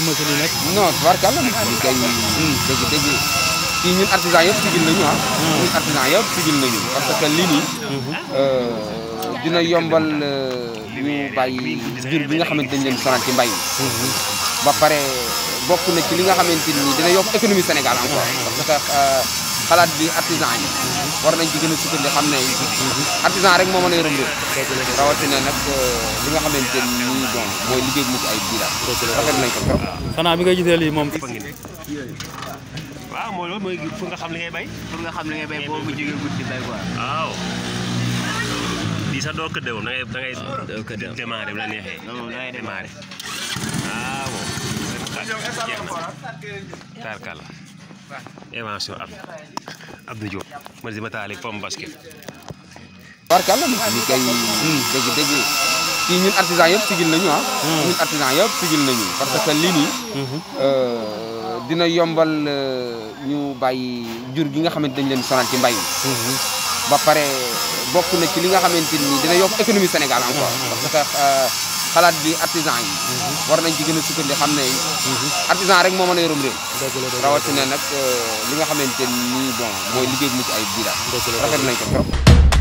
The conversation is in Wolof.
machine yi nag. non tubaarkàlla ñu hmm. kay hmm, dëgg dëgg kii ñun artisan yëpp sigil nañu ah. Hmm. ñun artisan yëpp sigil nañu parce que lii nii. Euh, dina yombal euh, ñu bàyyi jur bi nga xamante dañ leen sonal ci mbay mi. ba pare bokk na ci li nga xamante ni dina yokk économie Sénégal encore. xalaat bi artisan yi war nañ ci gën a sukkandi xam ne artisan rek moo mën a yore mbir rawatina nag euh, li nga xamante ni bon ko bi nga gisee moom waaw mooy loolu mooy pour nga xam li nga xam li ngay bay boo mu jógee bay quoi waaw lii sax doo këddew da ngay da invention am Abdou Diop man si ma taali pomme basket. barkalla ñu kay dëgg dëgg kii ñun artisan yëpp sigil nañu ah. ñun artisan yëpp sigil nañu. parce que li nii. dina yombal ñu bàyyi jur gi nga xamante dañ leen sonal ci mbay mi. ba pare bokk na ci li nga xamante ni dina yokk économie Sénégal encore. parce que xalaat bi artisan yi mhm. war nañ ci gën a sukkandi xam ne mhm. artisan rek moo mën a yorum réew rawatina nag euh, li nga xamante ni bon mooy liggéey bi mu ci ay bii daal rafet nañ ko